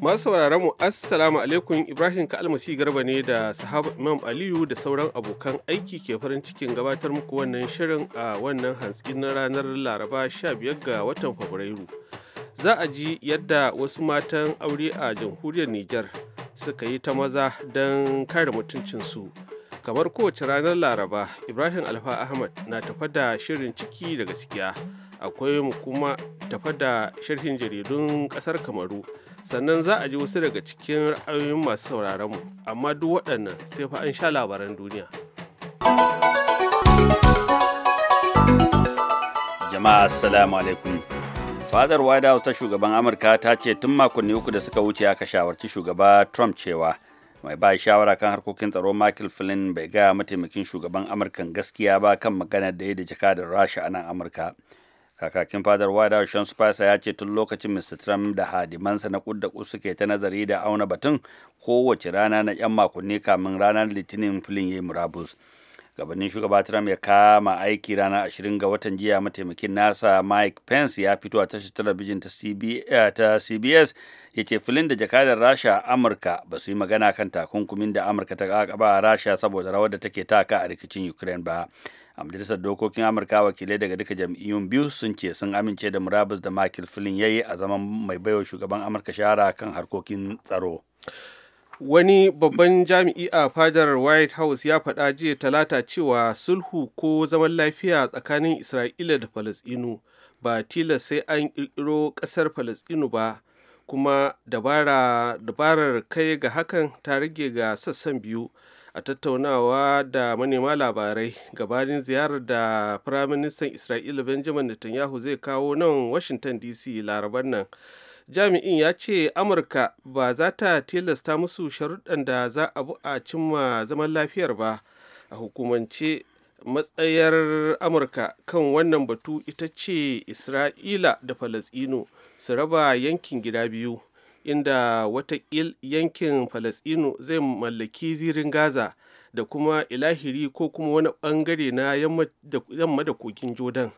Masu sauraron mu Assalamu alaikum Ibrahim ka almasi garba ne da sahaba Imam Aliyu da sauran abokan aiki ke farin cikin gabatar muku wannan shirin a wannan hantsi ranar Laraba 15 ga watan Fabrairu. Za a ji yadda wasu matan aure a jamhuriyar Nijar suka yi ta maza don kare mutuncinsu. Kamar kowace ranar Laraba, Ibrahim Alfa Ahmad na tafa da shirin ciki da gaskiya. Akwai mu kuma tafa da sharhin jaridun ƙasar Kamaru. sannan za a ji wasu daga cikin ra'ayoyin masu sauraron mu amma duk waɗannan sai fa an sha labaran duniya jama'a assalamu alaikum fadar white house ta shugaban amurka ta ce tun makonni uku da suka wuce aka shawarci shugaba trump cewa mai ba shawara kan harkokin tsaro michael flynn bai gaya mataimakin shugaban amurkan gaskiya ba kan maganar da ya da jakadar rasha a nan amurka kakakin fadar white house sean spicer ya ce tun lokacin mr trump da hadimansa na kudda suke ta nazari da auna batun kowace rana na yan makonni kamin ranar litinin filin ya murabus gabanin shugaba trump ya kama aiki ranar ashirin ga watan jiya mataimakin nasa mike pence ya fito a tashar talabijin ta cbs eh, ya ce filin da jakadar rasha a amurka ba su yi magana kan takunkumin da amurka ta a rasha saboda rawar da take taka a rikicin ukraine ba a majalisar dokokin amurka wakilai daga duka jam'iyyun biyu sun ce sun amince da murabus da michael flynn ya yi a zaman mai baiwa shugaban amurka shahara kan harkokin tsaro wani babban jami'i a fadar white house ya faɗa jiya talata cewa sulhu ko zaman lafiya tsakanin isra'ila da falasɗinu ba tilas sai an ƙirƙiro ƙasar falasɗinu ba kuma dabarar kai ga hakan ta rage ga sassan biyu a tattaunawa da manema labarai gabanin ziyarar da firaministan isra'ila benjamin netanyahu zai kawo nan washington dc larabar nan jami'in ya ce amurka ba za ta tilasta musu sharuɗan da za a bu a cimma zaman lafiyar ba a hukumance matsayar amurka kan wannan batu ita ce isra'ila da falasino su raba yankin gida biyu inda watakil yankin falasɗinu zai mallaki zirin gaza da kuma ilahiri ko kuma wani bangare na yamma da kogin jordan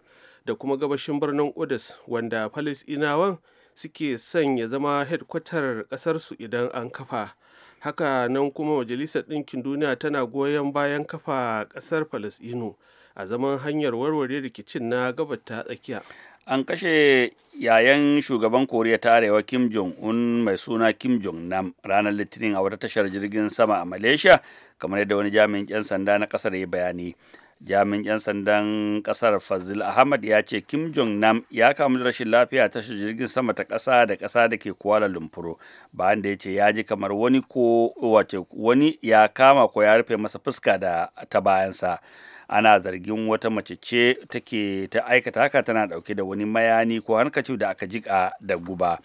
da kuma gabashin birnin Odis wanda Falasɗinawan suke son ya zama hedkwatar kasarsu idan an kafa. Haka nan kuma Majalisar Ɗinkin Duniya tana goyon bayan kafa ƙasar Falasɗinu a zaman hanyar warware rikicin na gabata tsakiya. an kashe yayan shugaban koriya ta arewa kim jong-un mai suna kim jong-nam ranar litinin a wata tashar jirgin sama a malaysia kamar yadda wani jami'in 'yan sanda na kasar ya bayani jami'in 'yan sandan kasar fazil ahmad ya ce kim jong nam ya kamu da rashin lafiya tashar jirgin sama ta kasa da kasa da ke kuala lumpur bayan da ya ce ya ji kamar wani ko wace wani ya kama ko ya rufe masa fuska da ta bayansa ana zargin wata mace ce take ta aikata haka tana dauke da wani mayani ko hankacin da aka jika da guba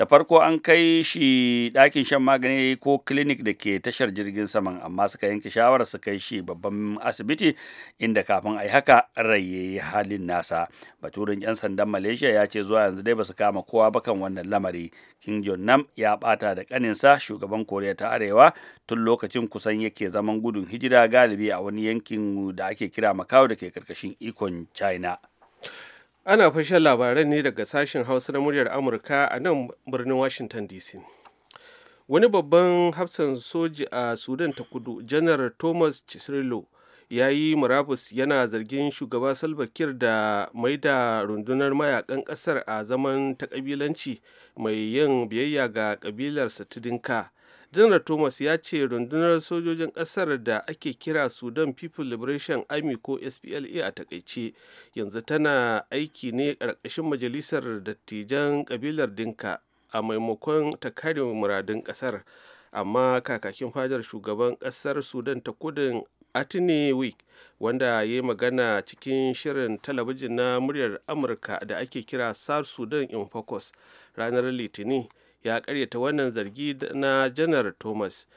da farko an kai shi ɗakin shan magani ko clinic da ke tashar jirgin saman amma suka yanke shawarar su kai shi babban asibiti inda kafin a yi haka rai ya yi halin nasa baturin 'yan sandan malaysia ya ce zuwa yanzu dai ba su kama kowa ba kan wannan lamari kim john nam ya bata da kaninsa shugaban koriya ta arewa tun lokacin kusan yake zaman gudun hijira galibi a wani yankin da ake kira makau da ke karkashin ikon china Ana fashin labaran ne daga sashen Hausa na muryar Amurka a nan birnin Washington DC. Wani babban hafsan soji a Sudan ta kudu, Janar Thomas Chisrilo, ya yi murabus yana zargin shugaba da mai da rundunar mayakan ƙasar a zaman ta ƙabilanci mai yin biyayya ga ƙabilar Satidinka janar thomas ya ce rundunar sojojin kasar da ake kira sudan people liberation army ko spla a takaice yanzu tana aiki ne ƙarƙashin majalisar dattijan ƙabilar dinka a maimakon ta kare muradun ƙasar amma kakakin fadar shugaban ƙasar sudan ta kudin atini week wanda ya yi magana cikin shirin talabijin na muryar amurka da ake kira south sudan in focus ranar litini. ya karyata wannan zargi na janar thomas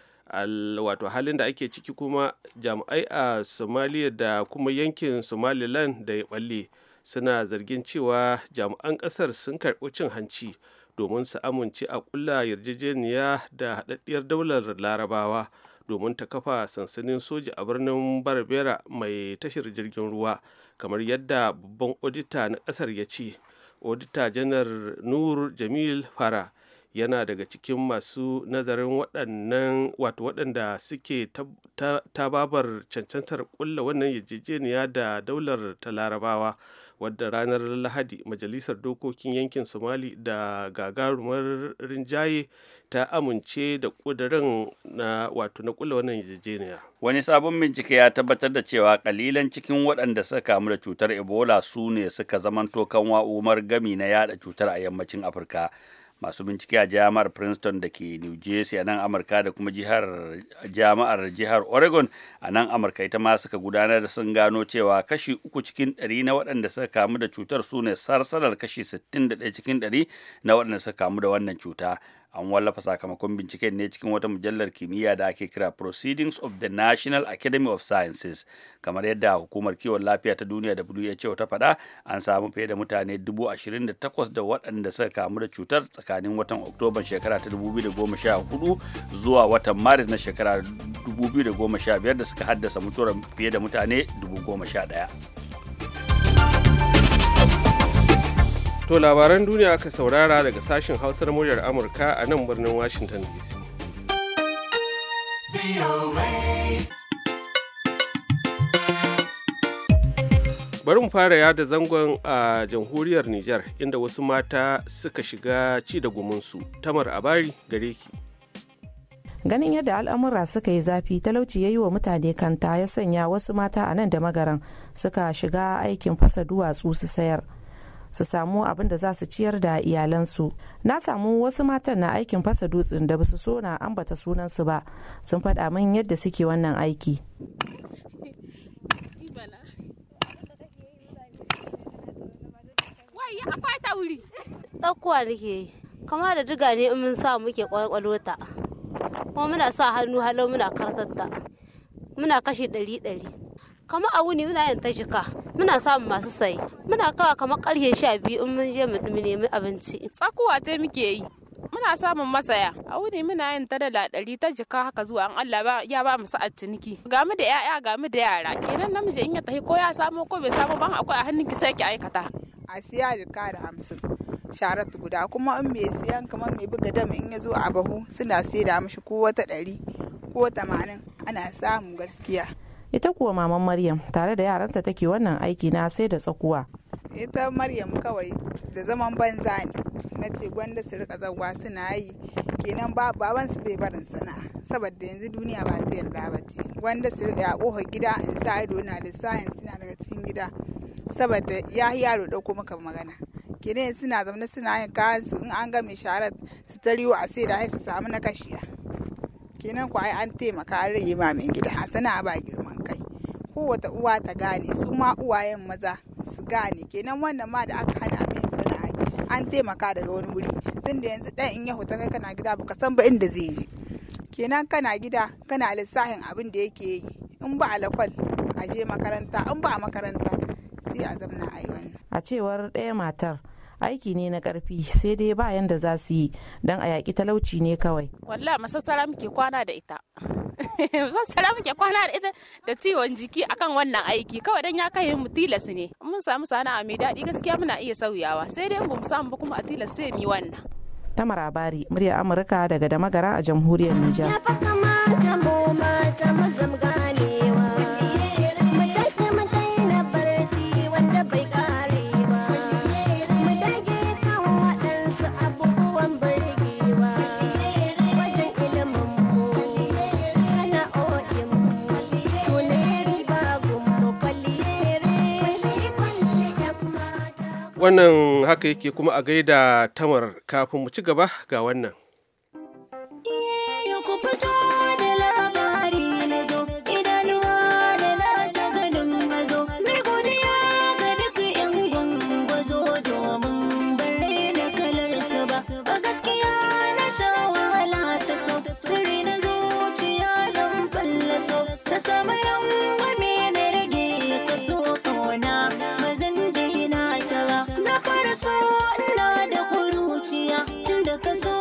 wato halin da ake ciki kuma jami'ai a somalia da kuma yankin somaliland da ya balle suna zargin cewa jami'an kasar sun karɓi cin hanci domin su amince a kulla yarjejeniya da haɗaɗɗiyar daular larabawa domin ta kafa sansanin soja a birnin barbera mai tashar jirgin ruwa kamar yadda babban odita na ƙasar ya ce odita janar nur jamil fara yana daga cikin masu nazarin waɗannan wato waɗanda suke tababar cancantar kulla wannan yarjejeniya da daular ta larabawa wadda ranar lahadi majalisar dokokin yankin somali da gagarumar rinjaye ta amince da ƙudurin na wato na ƙulla wannan yarjejeniya wani sabon bincike ya tabbatar da cewa kalilan cikin waɗanda suka kamu da cutar ebola su ne suka zamanto kan umar gami na yada cutar a yammacin afirka masu bincike a jami'ar princeton da ke new jersey a nan amurka da kuma jihar jami'ar jihar oregon a nan amurka ita ma suka gudanar da sun gano cewa kashi uku cikin ɗari na waɗanda suka kamu da cutar su ne sarsarar kashi 61 cikin ɗari na waɗanda suka kamu da wannan cuta an wallafa sakamakon binciken ne cikin wata mujallar kimiyya da ake kira proceedings of the national academy of sciences kamar yadda hukumar kiwon lafiya ta duniya who ta faɗa an samu fiye da mutane 28 da waɗanda suka kamu da cutar tsakanin watan oktoban shekara ta 2014 zuwa watan maris na shekara 2015 da suka haddasa mutuwar fiye da mutane 11,000 To labaran duniya aka saurara daga sashen hausar muryar Amurka a nan birnin Washington DC. Bari mu fara yada zangon a jamhuriyar Nijar inda wasu mata suka shiga ci da gumunsu. Tamar Abari gare ki. ganin yadda al'amura suka yi zafi talauci ya yi wa mutane kanta ya sanya wasu mata a nan da magaran suka shiga aikin fasa duwatsu su sayar su samu abin da za su ciyar da iyalansu na samu wasu matan na aikin fasa dutsen da ba su so na ambata sunansu ba sun faɗa min yadda suke wannan aiki kama da diga ne in mun sa muke kwalkwalota kuma muna sa hannu halau muna karatatta muna kashe ɗari ɗari kama a wuni muna yin ta jika muna samun masu sayi muna kawa kamar karfe sha biyu in mun je mu nemi abinci tsakuwa ce muke yi muna samun masaya a wuni muna yin ta dala ɗari ta jika haka zuwa an Allah ya ba mu sa'ad ciniki ga da yaya ga da yara kenan namiji in ya tafi ko ya samu ko bai samu ba akwai a hannun ki sai ki aikata a siya jika da hamsin sharatu guda kuma in mai siyan kamar mai buga dam in ya zo a bahu suna sai da mishi ko wata ɗari ko tamanin ana samun gaskiya ita kuwa maman maryam tare da yaranta take wannan aiki na sai da tsakuwa ita maryam kawai da zaman banza ne na ce gwanda su rika zagwa suna yi kenan baban su bai barin sana'a saboda yanzu duniya ba ta yarda ba ce gwanda su rika ya gida in sa ido na lissafin suna daga cikin gida saboda ya yaro ɗauko maka magana kenan suna zaune suna yin kayan in an ga mai sharar su ta riwa a sai da su samu na kashiya kenan ku ai an taimaka an rage mamin gida a sana'a ba gida kowace uwa ta gane su ma uwayen maza su gane kenan wannan ma da aka hana min sana'a an taimaka daga wani wuri tunda yanzu dan in ya huta kai kana gida baka san ba inda zai je kenan kana gida kana lissahin abin da yake yi in ba alakwal a je makaranta in ba a makaranta sai a zamna a yi wannan a cewar ɗaya matar aiki ne na karfi sai dai ba yanda za su yi don a yaƙi talauci ne kawai wallahi masassara muke kwana da ita masassara muke kwana da ita da ciwon jiki akan wannan aiki kawai dan ya kai mu tilas ne mun samu sana a mai daɗi gaskiya muna iya sauyawa sai dai mu samu ba kuma a tilas sai mu yi wannan Tamar marabari murya amurka daga damagara a jamhuriyar nijar wannan haka yake kuma a gaida tamar kafin mu ci gaba ga wannan Cause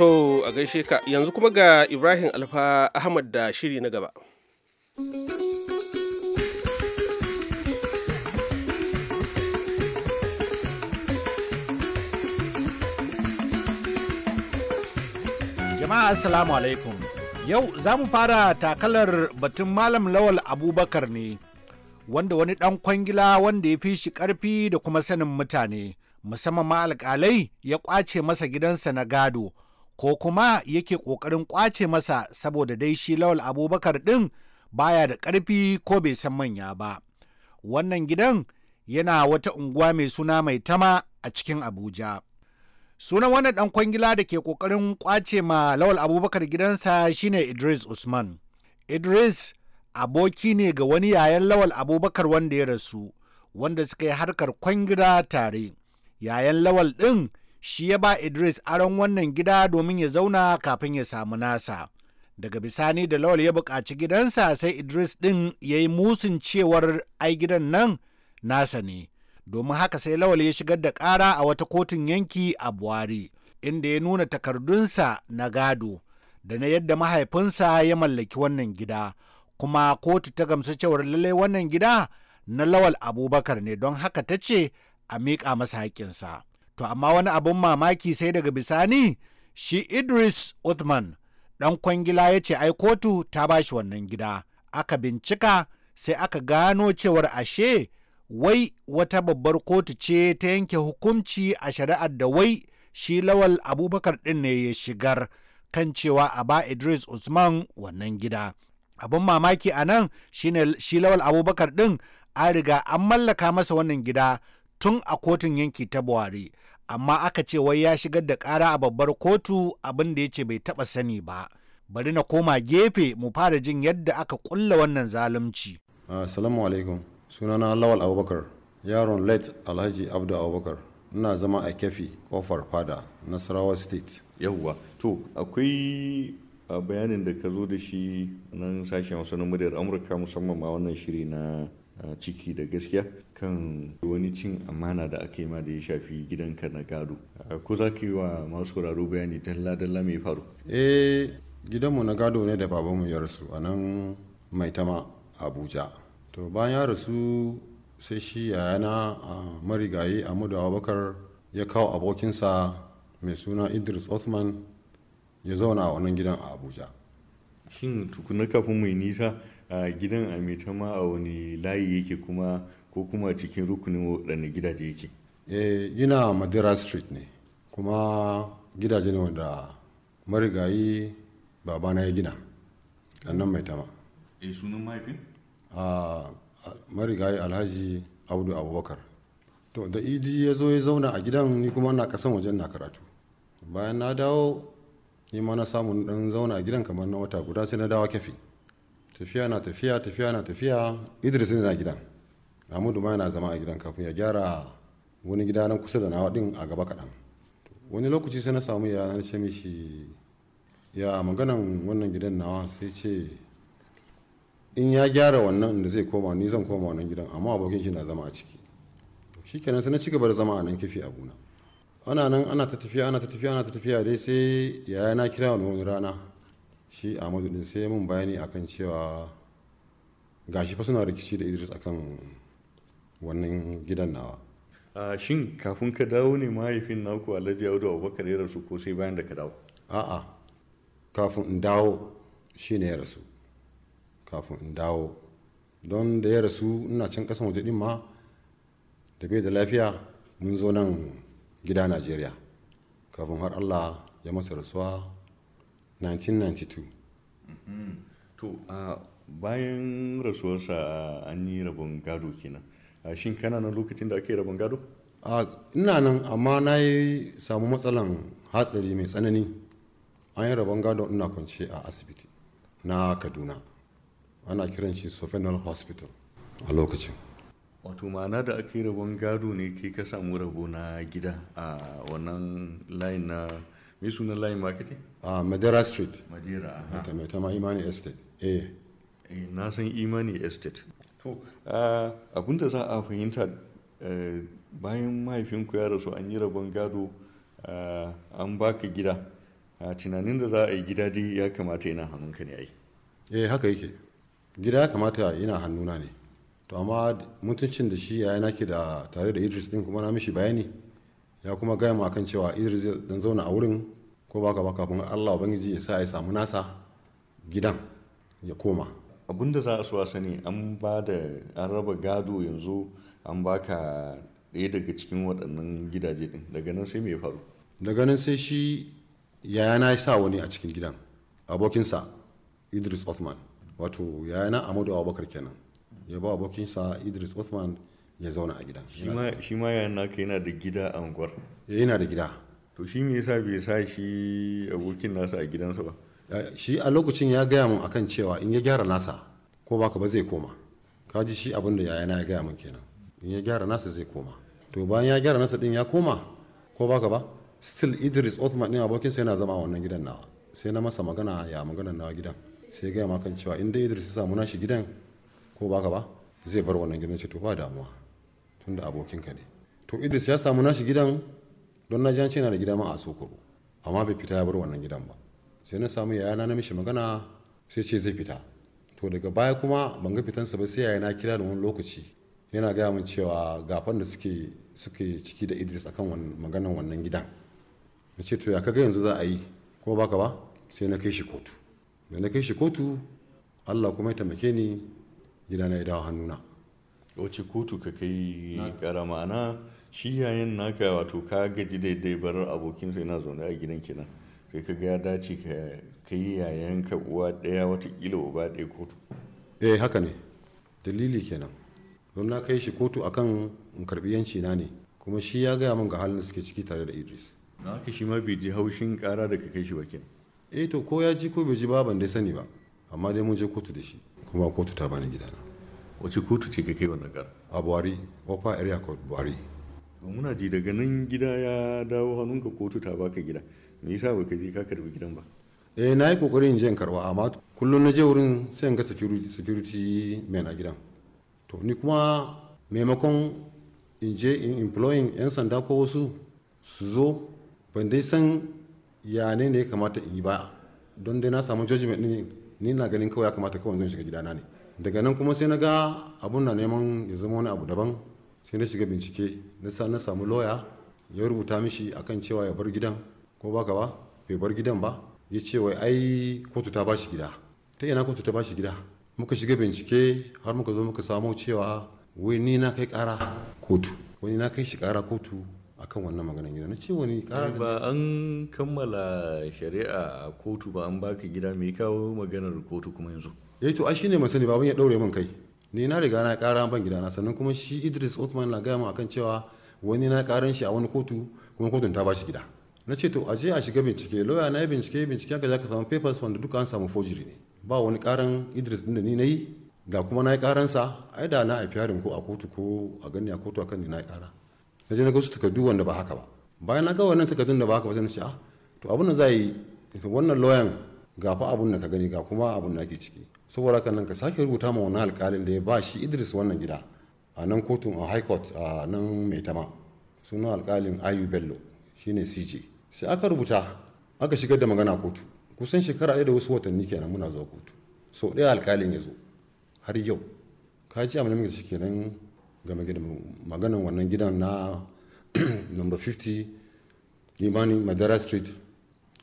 To a gaishe ka yanzu kuma ga Ibrahim Alfa Ahmad da shiri na gaba. Jama'a Assalamu alaikum. Yau za mu fara takalar batun Malam Lawal Abubakar ne, wanda wani ɗan kwangila wanda ya fi shi ƙarfi da kuma sanin mutane, musamman ma alƙalai ya ƙwace masa gidansa na gado. ko kuma yake ƙoƙarin ƙwace masa saboda dai shi lawal abubakar ɗin baya da ƙarfi ko bai san manya ba wannan gidan yana wata unguwa mai suna mai tama a cikin abuja sunan wannan ɗan kwangila da ke ƙoƙarin ƙwace ma lawal abubakar gidansa shine idris usman idris aboki ne ga wani yayan lawal abubakar wanda ya rasu wanda suka yi harkar kwangila tare yayan lawal ɗin shi ya ba Idris aron wannan gida domin ya zauna kafin ya samu nasa. Daga bisani da Lawal ya buƙaci gidansa sai Idris ɗin ya yi musun cewar ai gidan nan nasa ne. Domin haka sai Lawal ya shigar da ƙara a wata kotun yanki a Buhari, inda ya nuna takardunsa na gado da na yadda mahaifinsa ya mallaki wannan gida. Kuma kotu ta gamsu cewar lallai wannan gida na Lawal Abubakar ne don haka ta ce a miƙa masa haƙƙinsa. To amma wani abin mamaki sai daga bisani shi Idris Uthman ɗan kwangila ya ce ai kotu ta ba shi wannan gida. Aka bincika sai aka gano cewar ashe wai wata babbar kotu ce ta yanke hukunci a shari'ar da wai shi lawal abubakar ɗin ne ya shigar kan cewa a ba Idris Usman wannan gida. Abin mamaki a nan shine shi lawal abubakar ɗin an riga an mallaka masa wannan gida tun a kotun yanki ta Buhari. amma aka ce wai ya shigar da ƙara a babbar kotu abin da ya ce bai taɓa sani ba bari na koma gefe mu fara jin yadda aka ƙulla wannan zalunci. Ah, assalamu alaikum sunana lawal abubakar yaron late alhaji abdu abubakar ina zama a kefi kofar fada nasarawa state yawwa to akwai ah, bayanin da ka zo da shi nan sashen wasu na muryar amurka musamman ma wannan shiri na ciki da gaskiya kan wani cin amana da aka yi ma da ya shafi gidanka na gado ko za ka yi wa masu sauraro bayani dalla-dalla mai faru eh gidanmu na gado ne da babanmu ya rasu a nan tama abuja to bayan ya rasu sai shi yayana a marigayi amadu abubakar ya kawo abokinsa mai suna idris othman ya zauna a wannan gidan a abuja shin tukuna kafin mai nisa a gidan a ma a wani layi yake kuma ko kuma cikin rukunin waɗanne gidaje yake yana eh, madera street ne kuma gidaje ne wanda marigayi babana ya gina a nan maitama e eh, sunan mahaifin a marigayi alhaji abdu abubakar to da idi ya zo ya zauna a gidan ni kuma na kasan wajen na karatu bayan na dawo ni ma na samu dan zauna a gidan kamar na wata guda sai na dawo kefi tafiya na tafiya tafiya na tafiya idris ne na gidan amudu ma yana zama a gidan kafin ya gyara wani gida nan kusa da nawa din a gaba kaɗan wani lokaci sai na samu ya nan ce ya maganan wannan gidan nawa sai ce in ya gyara wannan da zai koma ni zan koma wannan gidan amma abokin shi na zama a ciki shikenan sai na cigaba da zama a nan kifi a gona ana nan ana ta tafiya ana ta tafiya ana ta tafiya dai sai yaya na kira wani rana shi ahmadu din sai mun bayani akan cewa gashi fa suna rikici da idris akan wannan gidan nawa a shin kafin ka dawo ne mahaifin naku alhaji audu abubakar ya rasu ko sai bayan da ka dawo a'a kafin in dawo shi ne ya rasu kafin in dawo don da ya rasu ina can kasan waje din ma da bai da lafiya mun zo nan gida najeriya kafin har allah ya masa rasuwa 1992 mm-hmm. to a bayan rasuwarsa an yi rabon gado kenan shin kana nan lokacin da ake rabon gado ina nan amma na yi samu matsalan hatsari mai tsanani an yi rabon gado ina kwance a asibiti na kaduna ana kiran shi sofenal hospital a lokacin wato ma'ana da ake rabon gado ne ke ka samu rabo na gida a wannan layin na me sunan layin marketing a ah, madera street madera Mata, mata tama imani estate eh. eh na san imani estate to ah, da za a fahimta eh, bayan mahaifinku ya rasu an yi rabon gado ah, an baka gida tunanin da za a yi gida dai ya kamata yana hannunka ne ai eh haka yake gida ya kamata yana hannuna ne to amma mutuncin da shi yayana ke da tare da idris din kuma na mishi bayani ya kuma gaya ma akan cewa idris dan zauna a wurin ko ba ka ba kafin allah ubangiji ya sa ya samu nasa gidan ya koma abinda za a so a sani an ba da an raba gado yanzu an baka ɗaya daga cikin waɗannan gidaje ɗin daga nan sai mai faru daga nan sai shi yayana ya sa wani a cikin gidan abokinsa idris othman wato yayana amadu abubakar kenan ya ba abokinsa idris othman ya zauna a gidan shi ma yana da gida a unguwar eh, yana da gida to shi me yasa bai sa shi abokin nasa a gidansa ba shi a lokacin ya gaya mun akan cewa in ya gyara nasa ko baka ba zai koma Ka ji shi abin da yayana ya gaya mun kenan in ya gyara nasa zai koma to bayan ya gyara nasa din ya koma ko baka ba still Idris Othman din abokin sa yana zama a wannan gidan nawa sai na masa magana ya magana nawa gidan sai gaya ma kan cewa in dai Idris ya samu nashi gidan ko baka ba zai bar wannan gidan ce to ba damuwa tunda abokin ka ne to Idris ya samu nashi gidan don na jance na da gida ma a sokoro amma bai fita ya bar wannan gidan ba sai na samu yaya na mishi magana sai ce zai fita to daga baya kuma ban ga fitansa ba sai yaya na kira da wani lokaci yana gaya min cewa gafan da suke suke ciki da idris akan maganan wannan gidan na ce to ya kaga yanzu za a yi kuma baka ba sai na kai shi kotu da na kai shi kotu allah kuma ya taimake ni gidana ya dawo hannuna wace kotu ka kai karama na shi yayin naka wato ka gaji daidai barar abokinsa na zaune a gidan kenan sai ka ga ya dace ka yi yayan ka uwa ɗaya watakila uba ɗaya kotu eh haka ne dalili kenan don na kai shi kotu akan in karbi yanci na ne kuma shi ya gaya min ga halin da suke ciki tare da idris na haka shi ma bai ji haushin kara da ka kai shi ba eh to ko ya ji ko bai ji ba ban dai sani ba amma dai mun je kotu da shi kuma kotu ta bani gidana wace kotu ce ka kai wannan kar a buhari ofa area court buhari muna ji daga nan gida ya dawo ka kotu ta baka gida me yasa baka je ka karbi gidan ba eh na yi in je in karba amma kullum na je wurin sai in ga security security man a gidan to ni kuma maimakon in je in employing yan sanda ko wasu su zo ban dai san ya ne ne kamata in yi ba don dai na samu judgment ne ni na ganin kawai ya kamata kawai zan shiga gidana ne daga nan kuma sai na ga abun na neman ya zama wani abu daban sai na shiga bincike na sa na samu lawyer ya rubuta mishi akan cewa ya bar gidan ko baka ba bai bar gidan ba ya ce wai ai kotu ta bashi gida ta ina kotu ta bashi gida muka shiga bincike har muka zo muka samu cewa wai ni na kai kara kotu wani na kai shi kara kotu akan wannan maganan gida na ce wani kara ba an kammala shari'a a kotu ba an baka gida mai kawo maganar kotu kuma yanzu eh to ai shine mai sani baban ya daure min kai ni na riga na kara ban gidana sannan kuma shi idris othman na gaya mu akan cewa wani na karan shi a wani kotu kuma kotun ta bashi gida na ce to aje a shiga bincike lauya na yi bincike bincike ka zaka samu papers wanda duka an samu forgery ne ba wani karan idris din da ni nayi da kuma na yi karansa ai da na haifi ko a kotu ko a gani a kotu akan ni na yi kara na je na ga su takardu wanda ba haka ba bayan na ga wannan takardun da ba haka ba sai na ce ah to abin da za yi wannan lauyan ga fa abun da ka gani ga kuma abun da ake ciki saboda haka nan ka sake rubuta ma wani alkalin da ya ba shi idris wannan gida a nan kotun a high court a nan mai tama alƙalin alkalin ayu bello shine cj sai aka rubuta aka shigar da magana kotu kusan shekara ɗaya da wasu watanni kenan muna zuwa kotu sau ɗaya alkalin ya zo har yau ka ji amma shi kenan game da maganan wannan gidan na number 50 imani madara street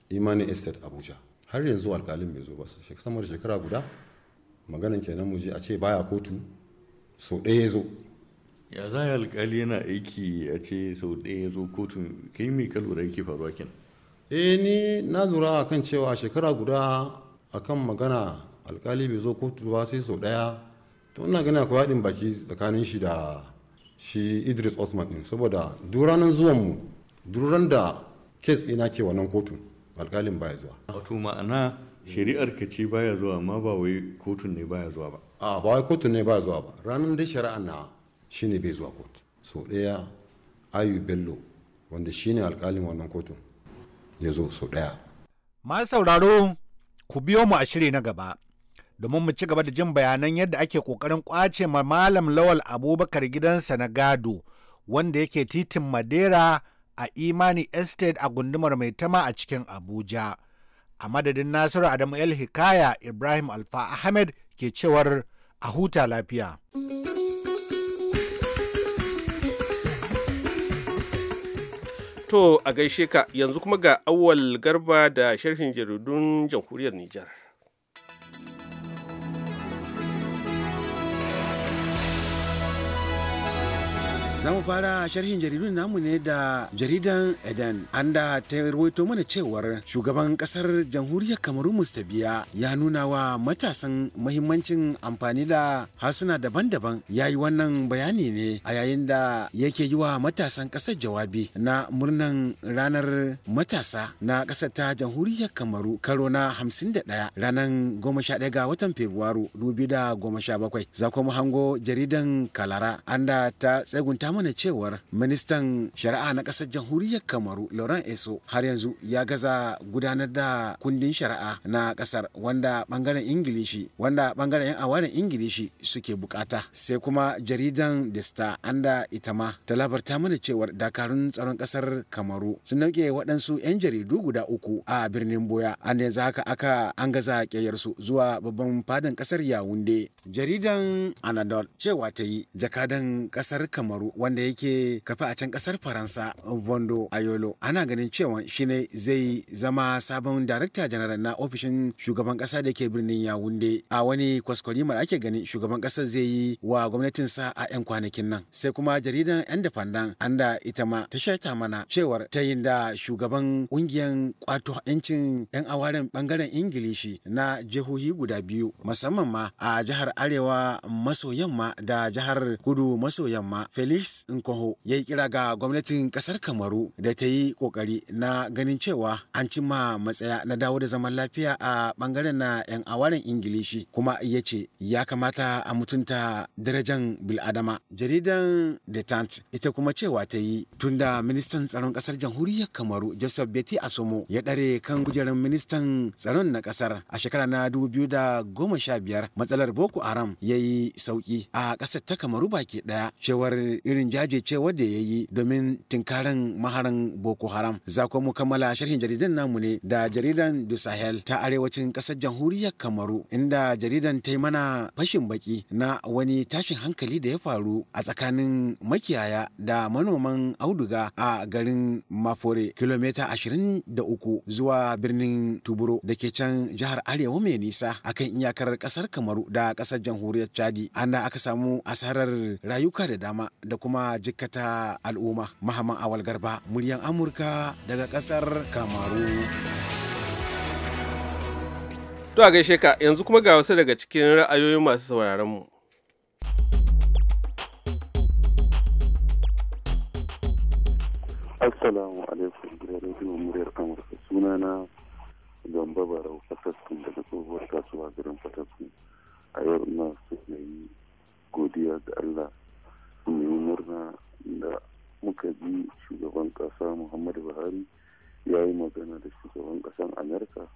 imani estate abuja har yanzu alkalin bai zo ba sama da shekara guda maganin kenan mu a ce baya kotu sau ɗaya zo ya za ya alkali yana aiki a ce sau ɗaya ya zo kotu kai mai kalura yake faruwa kin eh ni na lura kan cewa shekara guda a kan magana alkali bai zo kotu ba sai sau ɗaya to ina gani akwai haɗin baki tsakanin shi da shi idris osman ɗin saboda duranan zuwan mu duran da kes ɗina ke wannan kotu alkalin baya zuwa wato ma'ana shari'ar ka ce baya zuwa amma ba wai kotun ne baya zuwa ba a ba wai kotun ne baya zuwa ba ranar da shari'a na shine bai zuwa kotu so daya ayu bello wanda shine alkalin wannan kotun ya zo so daya ma sauraro ku biyo mu a shiri na gaba domin mu ci gaba da jin bayanan yadda ake kokarin kwace ma malam lawal abubakar gidansa na gado wanda yake titin madera a imani estate a gundumar mai tama a cikin abuja a madadin nasiru adamu el hikaya ibrahim alfa ahmed ke cewar a huta lafiya. To a gaishe ka yanzu kuma ga awwal garba da sharhin jaridun jamhuriyar Nijar. Za mu fara sharhin jaridun namu ne da jaridan Eden. An da ta ruwaito mana cewar shugaban kasar jamhuriyar Kamaru Mustabiya ya nuna wa matasan mahimmancin amfani da harsuna daban-daban. Ya yi wannan bayani ne a yayin da yake yi wa matasan kasar jawabi na murnan ranar matasa na kasar ta jamhuriyar Kamaru karo na 51 ranar 11 ga watan Fabrairu 2017. Za kuma hango jaridan Kalara an da ta tsegunta mana cewar ministan shari'a na ƙasar jamhuriyar kamaru lauren eso har yanzu ya gaza gudanar da kundin shari'a na ƙasar wanda ɓangaren ingilishi wanda ɓangaren 'yan awarin ingilishi suke bukata sai kuma jaridan the star anda ita ma ta labarta mana cewar dakarun tsaron ƙasar kamaru sun nauke waɗansu 'yan jaridu guda uku a birnin boya an yanzu haka aka an gaza ƙeyarsu zuwa babban fadan ƙasar yawunde jaridan anadol cewa ta yi jakadan ƙasar kamaru wanda yake kafa a can kasar faransa vondo ayolo ana ganin cewa shine zai zama sabon darakta janaral na ofishin shugaban kasa da ke birnin yawunde a wani kwaskwari mara ake ganin shugaban kasar zai yi wa gwamnatin sa a 'yan kwanakin nan sai kuma jaridan yan an anda ita ma ta shaita mana cewar ta yin da shugaban kungiyar kwato 'yancin 'yan awaren bangaren ingilishi na jihohi guda biyu musamman ma a jihar arewa maso yamma da jihar kudu maso yamma felix Alex Nkoho ya yi kira ga gwamnatin kasar Kamaru da ta yi kokari na ganin cewa an cimma matsaya na dawo da zaman lafiya a bangaren na 'yan awarin Ingilishi kuma ya ce ya kamata a mutunta darajan biladama. Jaridan Detant ita kuma cewa ta yi tunda ministan tsaron kasar jamhuriyar Kamaru Joseph Beti Asomo ya ɗare kan kujerar ministan tsaron na kasar a shekara na 2015 matsalar Boko Haram ya yi sauki a ƙasar ta Kamaru baki ɗaya cewar irin shirin jajircewar da ya yi domin tinkarin maharan Boko Haram. Za mu kammala sharhin jaridan namu ne da jaridan Du Sahel ta arewacin kasar jamhuriyar Kamaru inda jaridan ta yi mana fashin baki na wani tashin hankali da ya faru a tsakanin makiyaya da manoman auduga a garin Mafore kilomita ashirin da uku zuwa birnin Tuburo da ke can jihar Arewa mai nisa akan iyakar kasar Kamaru da ƙasar jamhuriyar Chadi. da aka samu asarar rayuka da dama da kuma jikata al'umma mahaman awal garba muryan amurka daga kasar kamaru to a gaishe ka yanzu kuma ga wasu daga cikin ra'ayoyin masu sauraron mu assalamu alaikum da rediyo muryar amurka sunana gamba barau fataskun daga tsohuwar kasuwa garin fatakun a yau ina so godiya ga allah murna da muka ji shugaban ƙasa muhammadu buhari ya yi magana da shugaban ƙasar amurka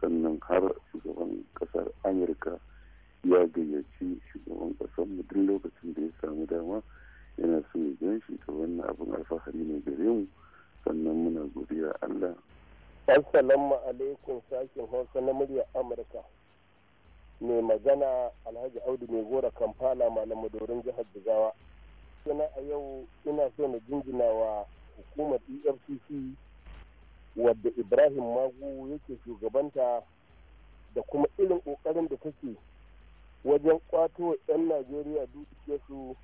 sannan har shugaban ƙasar amurka ya gayyaci shugaban ƙasar mu duk lokacin da ya samu dama yana so ya gan shi ta wannan abin alfahari ne gare mu sannan muna godiya allah assalamu alaikum sakin hausa na murya amurka mai magana alhaji audu mai gora kampala malamu dorin jihar jigawa na a yau ina so na jinjina wa hukumar efcc wadda ibrahim magu yake shugabanta da kuma irin kokarin da take wajen kwato 'yan najeriya su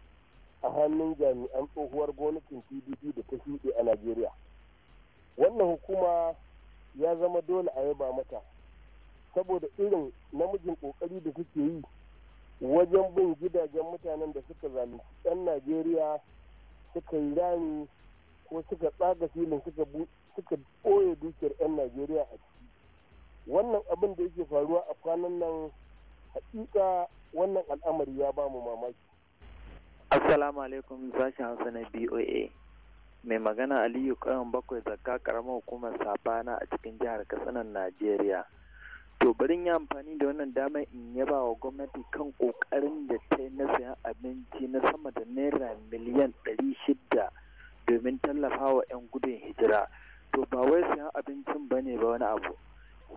a hannun jami'an tsohuwar gwamnatin pdp da ta shuɗe a najeriya wannan hukuma ya zama dole a yaba mata saboda irin namijin ƙoƙari da suke yi wajen bin gidajen mutanen da suka zalunci 'yan najeriya suka yi rami ko suka tsaga filin suka ɓoye dukiyar 'yan najeriya a ciki wannan abin da yake faruwa a kwanan nan hakika wannan al'amari ya ba mu mamaki assalamu alaikum sashen hausa na boa mai magana aliyu karan bakwai zakka karamar hukumar sabana a cikin jihar katsinan najeriya to barin yi amfani da wannan damar in yaba wa gwamnati kan kokarin da ta na sayan abinci na sama da naira miliyan 600 domin tallafa wa 'yan gudun hijira to ba wai sayan abincin ba ne ba wani abu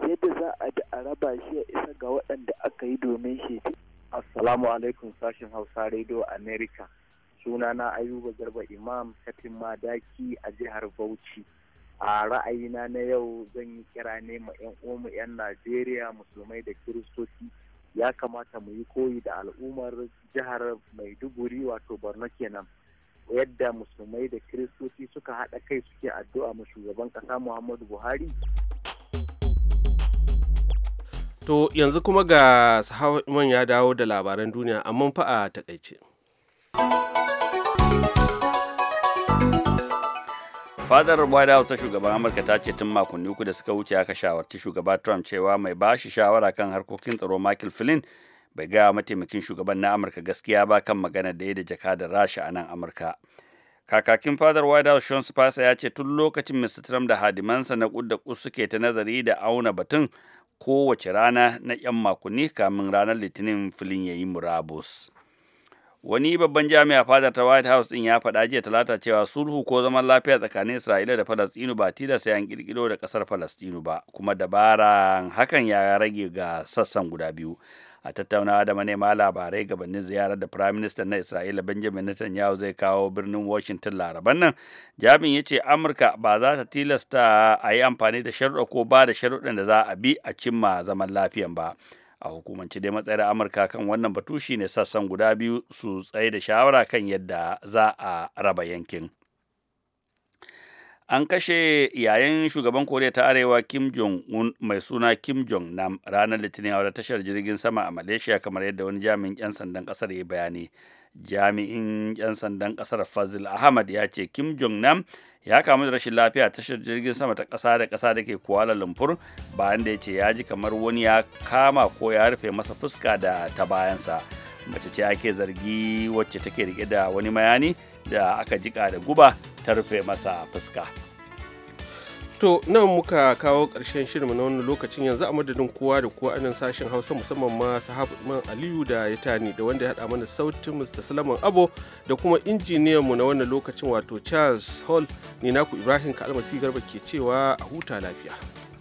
yadda za a da a raba shi a isa ga waɗanda aka yi domin shi assalamu alaikum sashen hausa radio america sunana ayuba garba imam katin madaki a jihar bauchi a ra'ayina na yau zan yi kira ne ma 'yan uwanmu 'yan najeriya musulmai da kiristoci ya kamata mu yi koyi da al'ummar jihar maiduguri wato borno kenan yadda musulmai da kiristoci suka haɗa kai suke addu'a mu shugaban ƙasa muhammadu buhari to yanzu kuma ga sahawan ya dawo da labaran duniya amma fa a takaice. fadar white house ta shugaban amurka ta ce tun makonni uku da suka wuce aka shawarci shugaba trump cewa mai bashi shawara kan harkokin tsaro michael flynn bai gaya mataimakin shugaban na amurka gaskiya ba kan magana da ya da da rasha a nan amurka kakakin fadar white house sean spicer ya ce tun lokacin mr trump da hadimansa na kudda suke ta nazari da auna batun kowace rana na 'yan makonni kamin ranar litinin filin ya yi murabus wani babban jami'a fadar ta white house din ya faɗa jiya talata cewa sulhu ko zaman lafiya tsakanin isra'ila da falastinu ba tilasta yan kirkiro da kasar falastinu ba kuma dabara hakan ya rage ga sassan guda biyu a tattaunawa da manema labarai gabanin ziyarar da prime minister na isra'ila benjamin netanyahu zai kawo birnin washington laraban nan jami'in ya ce amurka ba za ta tilasta a yi amfani da sharuɗa ko ba da sharuɗan da za a bi a cimma zaman lafiyan ba a hukumance dai matsayar amurka kan wannan batu shine sassan guda biyu su tsaye da shawara kan yadda za a raba yankin an kashe yayin shugaban koriya ta arewa kim jong un mai suna kim jong nam ranar litinin a tashar jirgin sama a malaysia kamar yadda wani jami'in 'yan sandan kasar ya bayani jami'in 'yan sandan kasar fazil ahmad ya ce kim jong nam ya kamu da rashin lafiya tashar jirgin sama ta ƙasa da ƙasa da ke Kuala Lumpur bayan da ya ce ya ji kamar wani ya kama ko ya rufe masa fuska da ta bayansa. Mace ce ake zargi wacce take rike da wani mayani da aka jika da guba ta rufe masa fuska. to nan muka kawo karshen shirin na wannan lokacin yanzu a madadin kowa da kowa anan sashen hausa musamman ma sahabu man aliyu da ya tani da wanda ya haɗa mana sautin mr salaman abo da kuma injiniyan mu na wannan lokacin wato charles hall ne naku ibrahim kalmasi garba ke cewa a huta lafiya